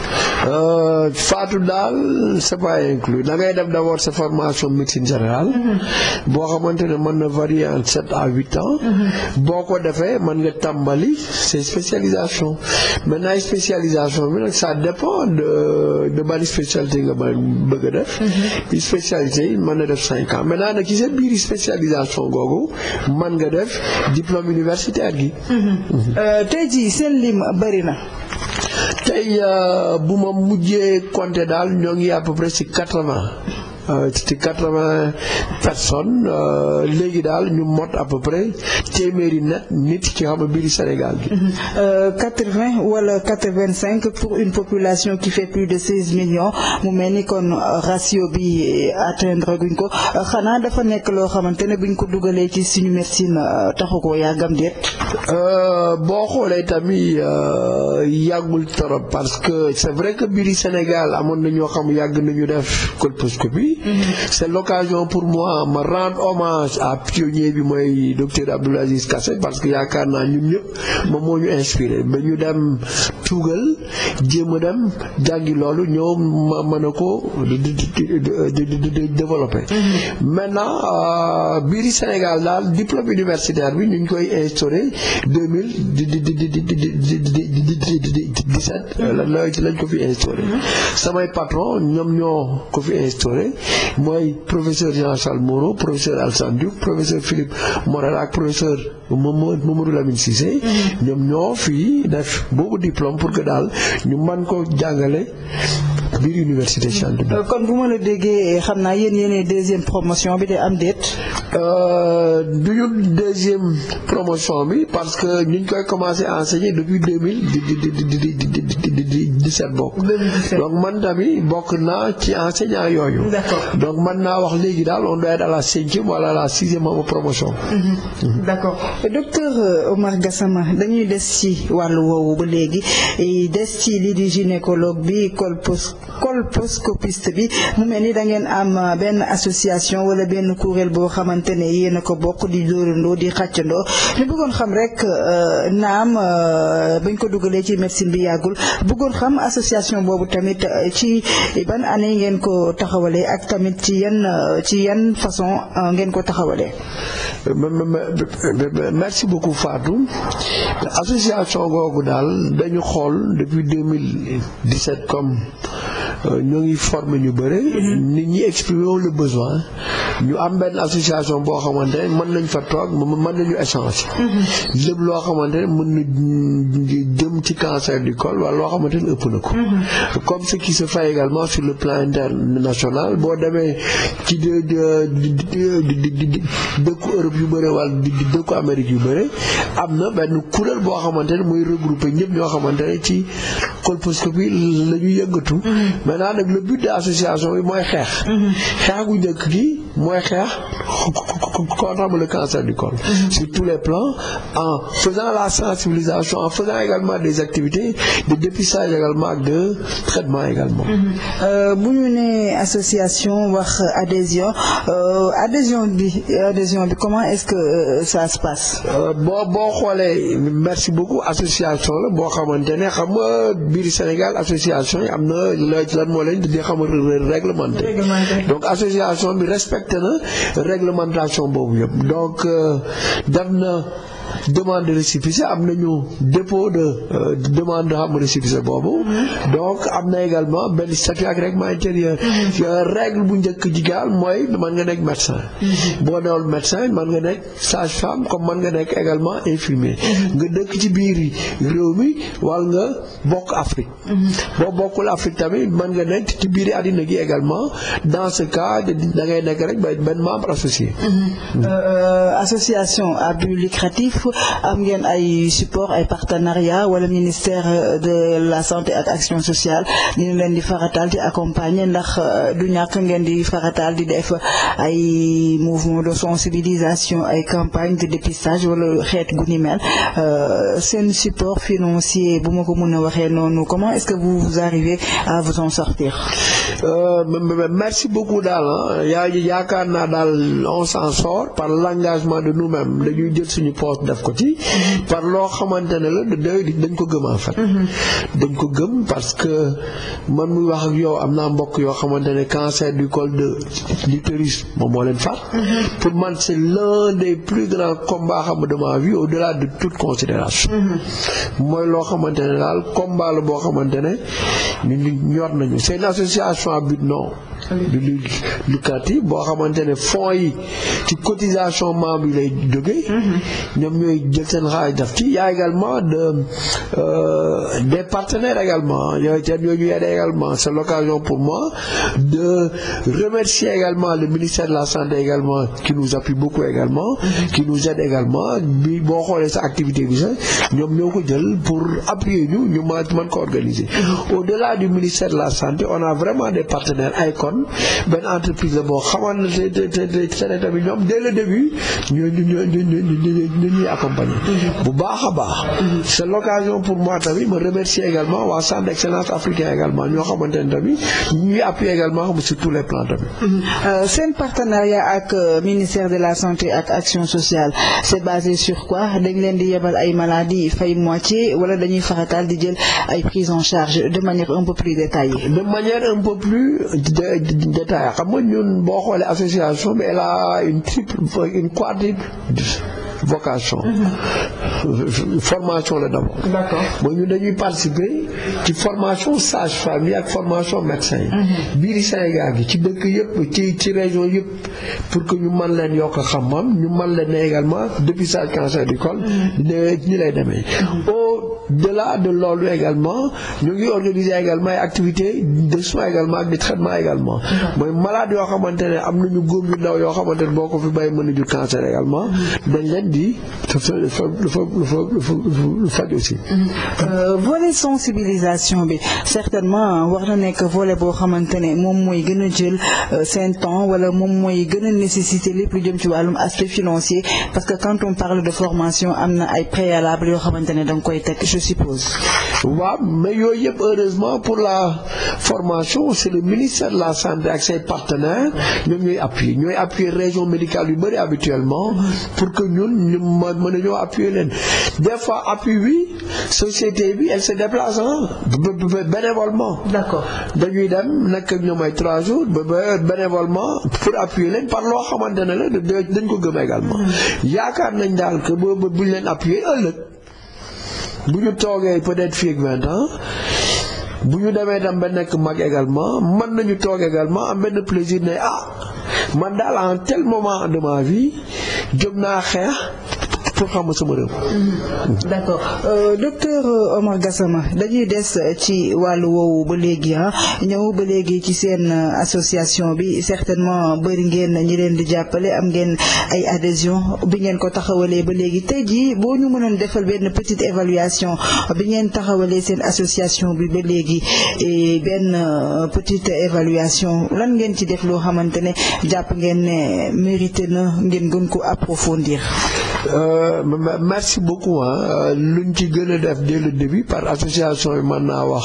Euh, faatu daal c'est pas inclus da ngay def d'abord sa formation médecine général mm-hmm. boo xamante ne mën na varier en sept à huit ans mm-hmm. boo ko defee man nga tàmbali c'est spécialisation maintenant spécialisation bi nag ça dépend de de ban spécialité nga bëgg def mm-hmm. na def cinq ans maintenant nag ci sa biir spécialisation googu nga def diplôme universitaire gi euh, tey jii seen lim bari na tey euh, bu ma mujjee compter daal ñoo ngi à peu près quatre-vingts Euh, ci quatre-vingts personnes euh, léegi daal ñu mot à peu près téeméeri net nit ci xam biir Sénégal bi. Mhm. Euh, quatre-vingts wala quatre-vingt-cinq pour une population qui fait plus de seize millions mu mel ni kon ratio bi atteindre guñ ko xanaa dafa nekk loo xamante ne buñ ko dugalee ci suñu médecine taxu ko yàggam déet. boo xoolee tamit yàggul trop parce que c'est vrai que biir Sénégal amoon na ñoo xam yàgg nañu def colposcopie c' est l' occasion pour moi ma rendre hommage à pionnier bi mooy docteur Abdoul Aziz Kassé parce que yaakaar naa ñun ñëpp moom moo ñu inspiré ba ñu dem tuugal jéem a dem jàngi loolu ñoo ma mën a ko di développer maintenant biir Sénégal daal diplôme universitaire bi ñu ngi koy instauré deux mille dix-sept lañ ko fi instauré samay patron ñoom ñoo ko fi instauré mooy professeur Jean Charles Moreau professeur Alassane Diouf professeur Philippe Morel ak professeur Mamadou Lamine Cissé mm-hmm. ñoom ñoo fii def boobu diplôme pour que daal ñu man ko jàngale biir université Cheikh Anta Diop. kon bu ma la déggee xam naa yéen yéenay deuxième promotion bi de am déet. du ñun deuxième promotion bi parce que ñu ngi koy commencé enseigner depuis deux mille di di di di di di di dix-sept bokk. donc man tamit bokk naa ci enseignant yooyu. donc man naa wax léegi daal on doit être la cinquième wala à la sixième ama promotion. d'accord docteur Omar Gassama dañuy des ci wàllu woowu ba léegi des ci lii di gynécologue bi colposcopie colposcopiste bi mu mel ni da ngeen am euh, benn association wala benn kuréel boo xamante ne yéen a ko bokk di dóorandoo di xàccandoo ñu bëggoon xam rek euh, naam euh, bañ ko dugalee ci médecine bi yàggul bëggoon xam association boobu tamit ci ban année ngeen ko taxawalee ak tamit ci yan ci yan façon ngeen ko taxawalee. merci beaucoup Fatou association googu daal dañu xool depuis 2017 comme. ñoo ngi former ñu bëre mhm. nit ñi exprimer woon le besoin ñu am benn association boo xamante mën nañ fa toog mën nañu échange mhm. lépp loo xamante ne mën na jëm ci cancer du col wala loo xamante ne ëpp na ko mhm. comme ce qui se fait également sur le plan international boo demee ci de dëkku Europe yu bëre wala di dëkku Amérique yu bëre am na benn kuréel boo xamante ne muy regroupé ñëpp ñoo xamante ci colposcopie la ñu yëngatu maintenant nag le but de association bi mooy xeex mhm. xeex gu njëkk gi mooy xeex combattre le cancer du col. Mmh. Sur tous en faisant la sensibilisation, en faisant également des activités de dépistage également, de traitement également. Mm-hmm. Euh, bu ñu association wax adhésion euh, adhésion bi comment est-ce que euh, ça se passe. boo boo merci beaucoup association la boo xamante ne xam nga biir Sénégal association yi am na lan moo donc association bi respecté na réglementation. boobu yëpp donc euh, def na demande récépissé am nañu dépôt de euh, demande xam récépissé boobu mm-hmm. donc am na également benn statut ak règlement intérieur mm-hmm. règle bu njëkk ji gaal mooy mën nga nekk médecin mm-hmm. boo newul médecin mën nga nekk sage femme comme mën nga nekk également infirmier nga dëkk ci biir yi réew mi wala nga bokk Afrique boo bokkul Afrique tamit man nga nekk ci biir àddina gi également dans ce cas da ngay nekk rek benn membre associé euh, euh, association à but yëpp am ngeen ay support ay partenariat wala ministère euh, de la santé ak action sociale ñu leen di faratal di accompagner ndax euh, du ñàkk ngeen di faratal di def ay mouvement de sensibilisation ay campagne de dépistage wala xeet gu ni mel euh, seen support financier bu ma ko mën a waxee noonu comment est-ce que vous arrivez à vous en sortir. merci beaucoup daal yaa yaakaar naa daal on par l'engagement de nous-mêmes dañuy jël suñu poste def ko ci par loo xamante ne la dañ ko gëm en fait dañ ko gëm parce que man muy wax ak yow am naa mbokk yoo xamante ne cancer du col de l'utérus moom moo leen faat pour man c'est l'un des plus grands combats xam de ma vie au-delà de toute considération mooy loo xamante ne daal combat la boo xamante ne ñu ñor nañu c'est une association à non du lucratif boo xamante ne fonds yi ci cotisation membre yi lay jógee mm-hmm. ñoom ñooy jël seen xaalis def ci y'a également de euh, des partenaires également ñooy tam ñoo c'est l'occasion pour moi de remercier également le ministère de la santé également qui nous appuie beaucoup également mm-hmm. qui nous aide également bi boo xoolee sa activité bi sax ñoom ñoo ko jël pour appuyer ñu ñu ma mën ko organiser mm-hmm. au-delà du ministère de la santé on a vraiment des partenaires ICON xam benn entreprise la boo xamoon te te te Sénégal bi ñoom dès le début ñoo ñoo ñoo ñuy accompagner. Mm-hmm. bu baax a baax. Mm-hmm. c'est l'occasion pour moi tamit ma remercier également waa centre d'excellence africain également ñoo xamante ne tamit ñuy appuyer également xam sur tous les plans tamit. Mm-hmm. Euh, seen partenariat ak euh, ministère de la santé ak action sociale c'est basé sur quoi dañ leen di yebal ay maladies fay moitié wala dañuy farataal di jël ay prise en charge de manière un peu plus détaillée. de manière un peu plus détaillé xam nga ñun boo xoolee association bi elle a une triple une quadruple vocation. Mm-hmm. formation la d'abord. d'accord mooy ñun dañuy participer ci formation sage femme yi ak formation médecin yi. Mm-hmm. biir Sénégal gi ci dëkk yëpp ci ci région yëpp pour que ñu man leen yokk xam-xam ñu man leen ne également dépistage cancer du col. Mm-hmm. ne ñi lay demee. delà de loolu également ñu ngi organiser également ay activités de soins également ak de traitement également mooy malade yoo xamante ne am nañu góom yu ndaw yoo xamante ne boo ko fi bàyyi mën a jur cancer également mm-hmm. dañ leen di dafa dafa dafa dafa faj aussi mm-hmm. euh, volet sensibilisation bi certainement war na nekk volet boo xamante ne moom mooy gën a jël euh, seen temps wala moom mooy gën a nécessité lépp lu jëm ci wàllum aspect financier parce que quand on parle de formation am na ay préalable yoo xamante ne suppose. waaw mais yooyu yëpp heureusement pour la formation c'est le ministère de la santé ak say partenaires ñoom ñooy appuyer ñooy appuyer région médicale yu bëri habituellement pour que ñun ñu mën a ñoo appuyer leen des fois appui bi société bi elle se déplace ah bénévolement. d'accord dañuy dem nekk ak ñoom ay trois jours ba bénévolement pour appuyer leen par loo xamante ne la dañ ko gëm également mm-hmm. yaakaar nañ daal que boobu buñ leen appuyer ëllëg. bu ñu toogee peut-être fii ak bu ñu demee tam ba nekk mag également mën nañu toog également am benn plaisir ne ah man daal en tel moment de ma vie jóg naa xeex pour xamal sama réew. Mhm. d' accord euh, docteur euh, Omar dañuy des ci wàllu woowu ba léegi ah ñëw ba léegi ci seen euh, association bi certainement bëri ngeen ñi leen di jàppale am ngeen ay adhésion bi ngeen ko taxawalee ba léegi tey jii boo ñu mënoon defal benn petite évaluation bi ngeen taxawalee seen association bi ba léegi e benn euh, petite évaluation lan ngeen ci def loo xamante ne jàpp ngeen ne mérité na ngeen gën ko approfondir. merci beaucoup ah luñ ci gën a def dès le début par association yi mën naa wax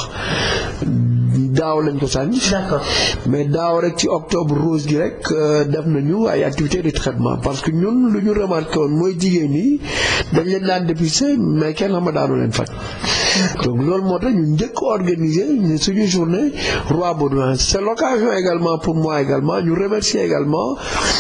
daaw lañ ko sànni. d'accord mais daaw rek ci octobre rose gi rek euh, def nañu ay activités de traitement parce que ñun lu ñu remarqué woon mooy jigéen ñi dañ leen daan dépister mais kenn xam nga daanu leen faj. donc loolu moo tax ñu njëkk organiser ñu suñu journée roi Baudouin c'est l'occasion également pour moi également ñu remercier également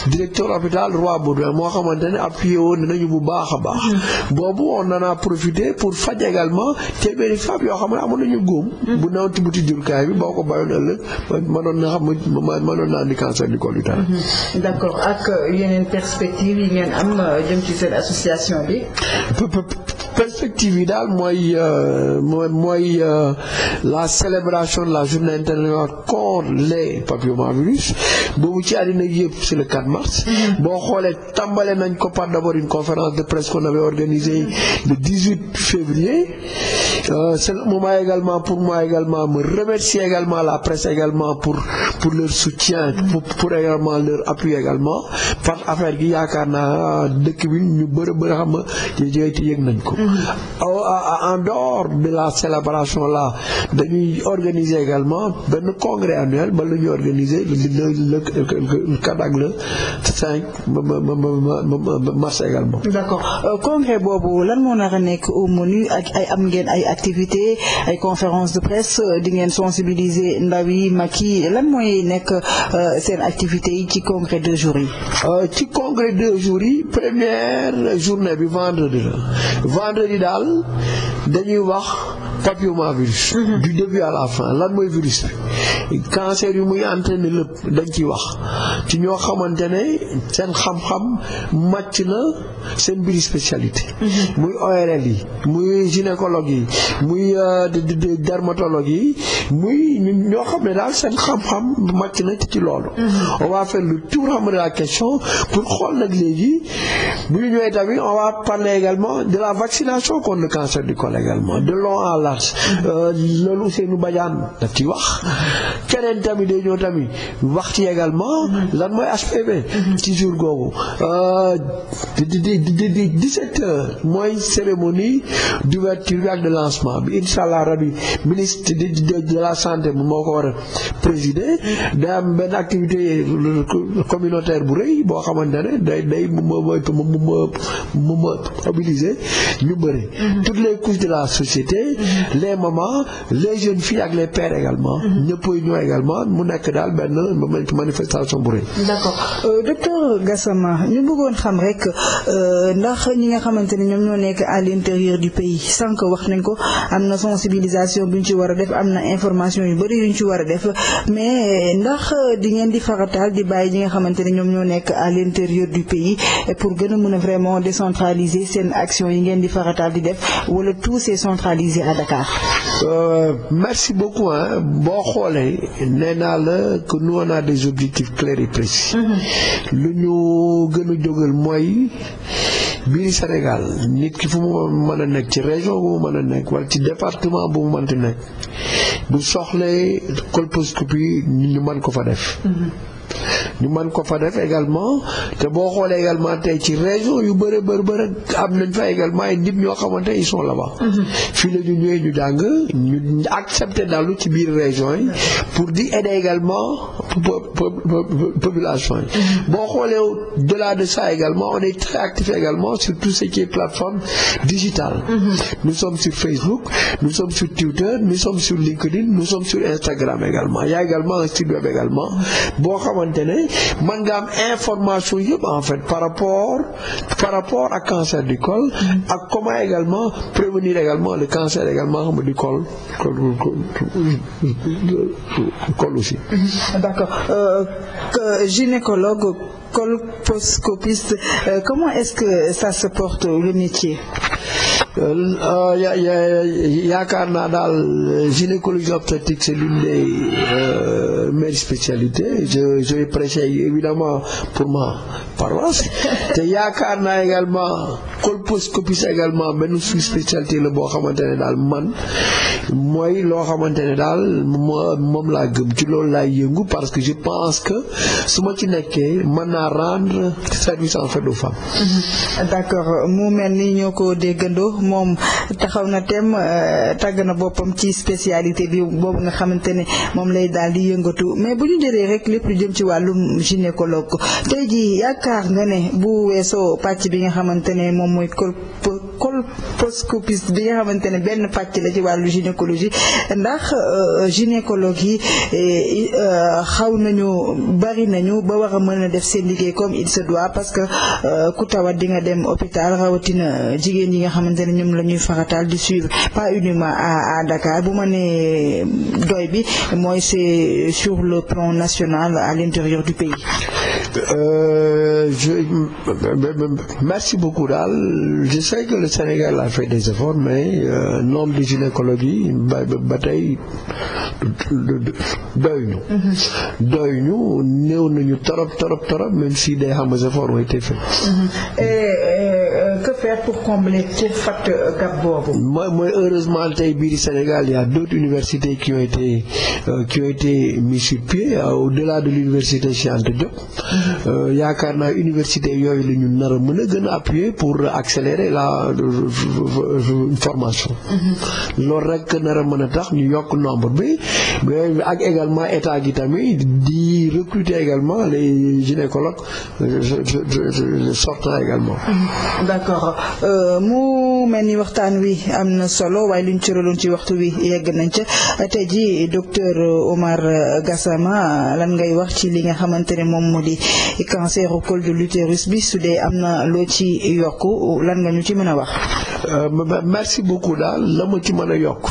directeur hôpital roi Baudouin moo xamante ne appuyé woon nañu bu baax a baax mm-hmm. boobu on en a profité pour faj également téeméeri fab yoo xam ne amoon nañu góom mm-hmm. moo ko bàyyoon ëllëg mënoon na xam mënoon naa ni cancer du col du terrain. Mhm. d'accord ak yeneen perspectives yi ngeen am euh, jëm ci seen association bi. perspective yi daal mooy euh, mooy mooy euh, la célébration de la journée internationale contre les papillomavirus boobu ci àddina yëpp c'est le 4 mars mm-hmm. boo xoolee tàmbale nañ ko par d'abord une conférence de presse qu'on avait organisée le 18 février Euh, moment également pour moi également me remercier également la presse également pour pour leur soutien mm-hmm. pour, pour également leur appui également parce affaire gi yaakaar naa dëkk bi ñu bëri bëri xam nga te yëg nañ ko en dehors de la célébration là dañuy organiser également benn congrès annuel ba la ñuy organiser le le quatre ak le cinq mars également. Euh, congrès boobu lan moo nar nekk au menu ak ay am ngeen ay activités ay conférences de presse euh, di ngeen sensibiliser ndaw yi mag yi lan mooy nekk euh, seen activités yi ci congrès deux jours yi. ci congrès deux jours yi première journée bi vendredi la. vendredi daal dañuy wax papillomavirus. Mhm. du début à la fin lan mooy virus cancer yu muy entraîné lépp dañ ciy wax ci ñoo xamante ne seen xam-xam màcc na seen biir spécialité. Mhm. muy ORL yi muy gynécologue yi muy euh, dermatologue yi muy ñoo xam ne daal seen xam-xam màcc na ci loolu. Mhm. on va faire le tour xam de la question pour xool nag léegi bu ñu ñëwee tamit on va parler également de la vaccination contre le cancer du col également de long à large. démarche euh, loolu seenu bajaan daf ci wax keneen tamit day tamit wax ci également lan mooy HPV ci jour googu euh, di di di di 17 heures mooy cérémonie d'ouverture ak de lancement bi incha allah rabi ministre de la santé moo ko war a présider day am benn activité euh, communautaire bu rëy boo xamante ne day day mu ma mu ma mu ma mobiliser ñu bëri. Mm-hmm. toutes les couches de la société. Mm-hmm. les mamans les jeunes filles ak les pères également. Mm-hmm. ñëpp ñoo également mu nekk daal benn manifestation bu rëy. d'accord euh, docteur ñu bëggoon xam rek. Euh, ndax ñi nga xamante ne ñoom ñoo nekk à l'intérieur du pays sànq wax nañ ko am na bu ñu ci war a def am na information yu bëri ñu ci war a def mais ndax di ngeen di farataal di bàyyi ñi nga xamante ne ñoom ñoo nekk à l'intérieur du pays pour gën a mën a vraiment décentraliser seen action yi ngeen di farataal di def wala tout c'est centralisé à Dakar. Euh, merci beaucoup ah boo xoolee nee naa la que nous on a des objectifs clairs et précis. Mm-hmm. lu ñu gën a jógal mooy biir Sénégal nit ki fu mu mën a nekk ci région bu mu mën a nekk wala ci département bu mu mënti nekk bu soxlee colposcopie ñu mën ko fa def. Mm-hmm. ñu mën ko fa def également te boo xoolee également tey ci région yu bëre bëri bëri am nañ fa également ay nit ñoo xamante ils sont là-bas. Mhm. fii la ñu ñëwee ñu jàng ñu accepté dalu ci biir région yi pour di aider également population yi. Mhm. boo xoolee au-delà de ça également on est très actif également sur tout ce qui est plateforme digitale. Mhm. nous sommes sur Facebook nous sommes sur Twitter nous sommes sur LinkedIn nous sommes sur Instagram également il a également un site xamante ma mën nga am information yëpp par rapport par rapport ak cancer du col mm-hmm. ak comment également prévenir également le cancer également xam du col aussi mm-hmm. d'accord euh, gynécologue colposcopiste. Euh, comment est-ce que ça se porte le métier euh, euh, yaakaar naa daal gynécologie obstétrique c'est l'une des mes spécialités je vais prêcher évidemment pour moi paroisse te yaakaar naa également colposcopiste également benn suñu spécialité la boo xamante ne daal man mooy loo xamante ne daal moom laa gëm ci loolu laay yëngu parce que je pense que su ma ci nekkee man naa rendre service en fait aux femmes. Mm-hmm. d'accord mu mel ni ñoo ko déggandoo moom taxaw na tem euh, tagg na boppam ci spécialité bi boobu nga xamante ne moom lay daal di yëngatu mais bu ñu jëlee rek lépp lu jëm ci wàllum gynécologue tey jii yaakaar yaakaar nga ne bu weesoo pàcc bi nga xamante ne moom mooy colposcopiste bi nga xamante ne benn pàcc la ci wàllu gynécologie ndax euh, gynécologue yi euh, xaw nañu bari nañu ba war a mën a def seen liggéey comme il se doit parce que euh, ku tawat di nga dem hôpital rawatina jigéen yi nga xamante ne ñoom la ñuy farataal di suivre pas uniquement à à Dakar bu ma nee doy bi mooy c'est sur le plan national à l'intérieur du pays. Euh, merci beaucoup daal je sais que le Sénégal a fait des efforts mais euh, nombre de gynécologues yi ba ba tey doy ñu. Mhm. doy ñu néew nañu trop même si des xam efforts ont été faits. Mhm. et euh, que faire pour combler ci fàtt euh, gap boobu. mooy mooy heureusement tey biir Sénégal y a d'autres universités qui ont été euh, sur pied euh, au-delà de l'université Cheikh Anta Euh, yaakaar naa université yooyu la ñu nar a mën a gën a appuyer pour accélérer la formation. Mm-hmm. loolu rek nar a mën a tax ñu yokk nombre bi ak également état gi tamit di recruter également les gynécologues sortants également. Mm-hmm. d'accord euh, mu mel ni waxtaan wi am na solo waaye luñ cëraloon ci waxtu wi yegg nañ ca tey ji docteur Omar Gassama lan ngay wax ci li nga xamante ne moom moo di. cancer col de l'utérus bi su dee am na loo ci yokk lan nga ñu ci mën a wax. Euh, merci beaucoup daal la ma ci mën a yokk.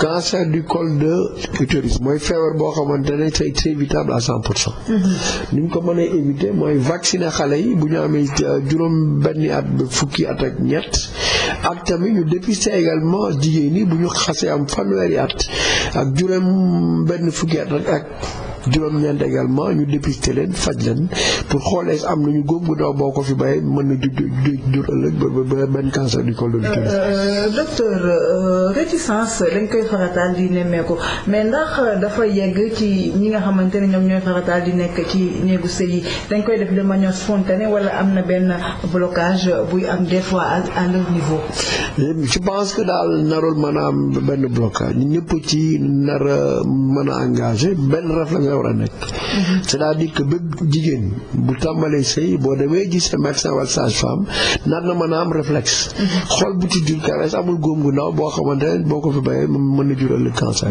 cancer du col de l'utérus mooy feebar boo xamante ne c'est évitable à cent pour cent mhm. ni a éviter mooy vacciner xale yi bu ñu amee euh, juróom benni at ba fukki at ak ñett ak tamit ñu dépister également jigéen bu ñu xasee am fanweeri at ak juróom benn fukki at ak juróom-ñeent également ñu dépister leen faj leen pour xoolee am nañu góom gu daaw boo ko fi bàyyee mën na jur jur ëllëg ba benn cancer du col de l'utérus. Euh, euh, docteur euh, réticence dañ koy farataal di nemmeeku mais ndax dafa yegg ci ñi nga xamante ne ñoom ñooy farataal di nekk ci néegu sëy yi dañ koy def de manière spontanée wala am na benn blocage buy am des fois à leur niveau. je pense que daal narul mën a am benn blocage ñëpp ci nar a mën a engagé benn raf la la war a nekk. c'est-à-dire que bëgg jigéen bu tàmbalee sëy boo demee gis sa médecin wala sage-femme nar na mën a am réflexe. xool bu ci jur kares amul góom gu ndaw boo xamante boo ko fi bayee mën na jural le cancer.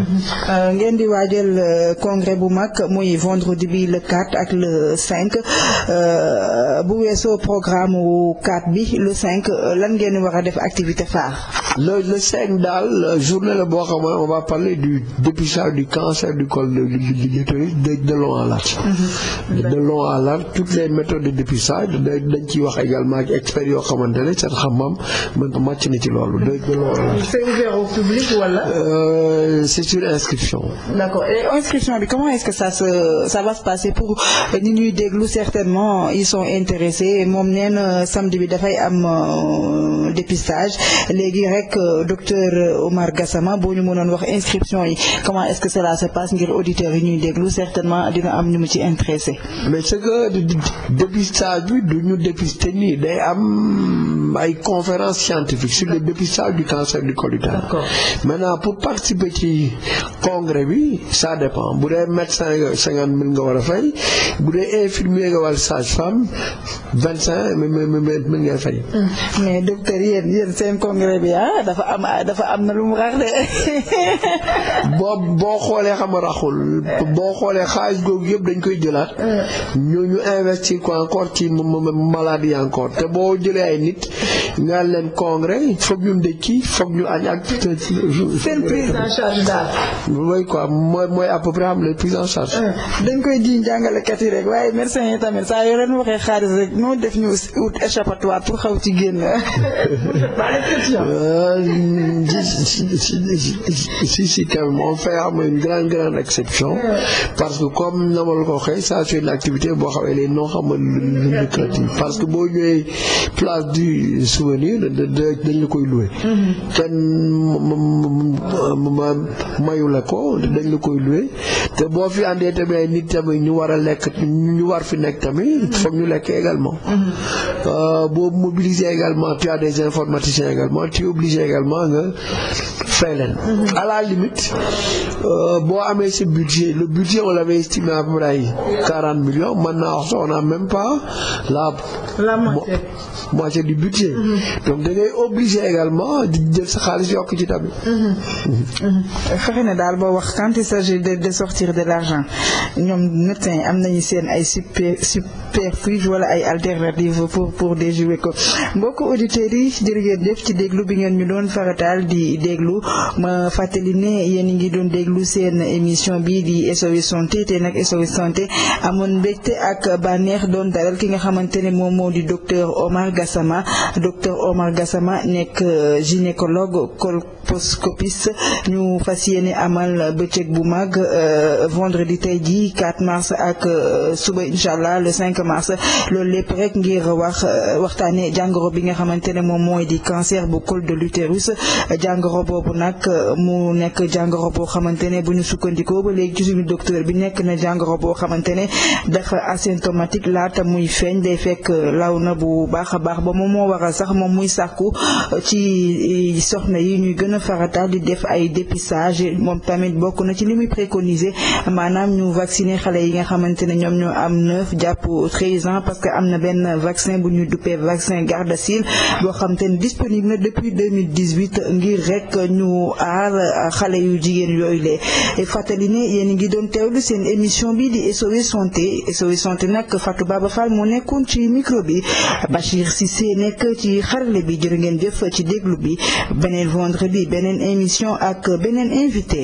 Euh, ngeen di waajal euh, congrès bu mag muy vendredi bi le 4 ak le euh, bu weesoo programme wu 4 bi le 5 lan ngeen war a def activité phare. le le cinq daal journée la boo xam ne on va parler du dépistage du cancer du col de l'utérus de de long mm-hmm. de long à toutes les méthodes de dépistage dañ ciy wax également ak experts yoo xamante ne seen xam-xam man ci loolu de de long à large. c'est ouvert au euh, inscription. bi comment est-ce que ça se ça va se passer pour ñi ñuy déglu certainement ils sont intéressés moom nee na samedi bi dafay am euh, dépistage léegi rek. rek euh, docteur euh, Oumar Gassama boo ñu mënoon wax inscription yi comment est-ce que cela se passe ngir auditeurs yi ñuy déglu certainement dina am ñu mu ci intéressé. mais c'est que dépistage bi du ñu dépister nii day am ay conférences scientifiques sur le dépistage du cancer du col utérin. maintenant pour participer ci congrès bi ça dépend bu dee médecin nga cinquante mille nga war a fay bu dee infirmier nga wala sage-femme vingt cinq mille ngay fay. mais docteur yéen yéen seen congrès bi ah. ah dafa am dafa am na lu mu rax de. boo boo xoolee xam raxul boo xoolee xaalis googu yëpp dañ koy jëlaat. Mm. ñooñu investir ko encore ci maladie encore te boo jëlee ay nit nga leen congrès foog ñu ndekki foog ñu añ ak. seen prise en charge daal. mooy quoi mooy mooy à peu am la prise en charge. Mm. dañ koy ji jàngalekat yi rek waaye médecin yi tamit saa yoo leen waxee xaalis rek noo def ñu ut échappatoire pour xaw ci génn. si si quand même on fait am une grande grande exception parce que comme na ma la ko waxee ça c'est une activité boo xam ne non xam nga lucrative parce que boo ñëwee place du souvenir dañ la koy loué kenn mayu la ko dañ la koy loué te boo fi àndee tamit ay nit tamit ñu war a lekk ñu war fi nekk tamit foog ñu lekk également boo mobiliser également tu as des informaticiens également tu es obligé exiger également nga fay leen. Mhm. à la limite euh, boo amee sa budget le budget on l'avait estimé à peu près quarante millions maintenant on n'a même pas la. la moitié moitié du budget. Mhm. donc da ngay également di jël sa xaalis yokk ci tamit. Mhm. fexe na daal boo wax quand il s'agit de de sortir de l'argent ñoom médecin am nañu seen ay super superfuge wala ay alternatives pour déjouer ko mbokku auditeurs yi jërë ngeen jëf ci ñu doon faratal di déglu ma fàttali ne yéen a ngi doon déglu seen émission bi di SOS santé te nag SOS santé amoon mbégte ak bànneex doon dalal ki nga xamante ne moom moo di docteur Omar Gassama docteur Omar Gassama nekk euh, gynécologue colposcopiste ñu fas yéene amal bëccëg bu mag euh, vendredi tey ji 4 mars ak euh, suba incha le 5 mars loolu lépp rek ngir wax waxtaane jàngoro bi nga xamante ne moom mooy di cancer bu col de utérus jàngoro boobu nag mu nekk jàngoro boo xamante ne bu ñu sukkandikoo ba léegi ci suñu docteur bi nekk na jàngoro boo xamante ne dafa asymptomatique laata muy feeñ day fekk law na bu baax a baax ba moom moo waral sax moom muy sàkku ci soxna yi ñuy gën a farataal di def ay dépistage moom tamit bokk na ci li muy préconiser maanaam ñu vacciner xale yi nga xamante ne ñoom ñoo am 9 jàpp 13 ans parce que am na benn vaccin bu ñuy duppee vaccin Gardasil boo xamante ne disponible depuis 2018 ngir rek ñu aar xale yu jigéen yooyu lee fàttali ne yéen ngi doon teewlu seen émission bi di SOS santé SOS santé nag Fatou Baba Fall moo nekkoon ci micro bi si Cissé nekk ci xarale bi jërë ngeen jëf ci déglu bi beneen bi beneen émission ak beneen invité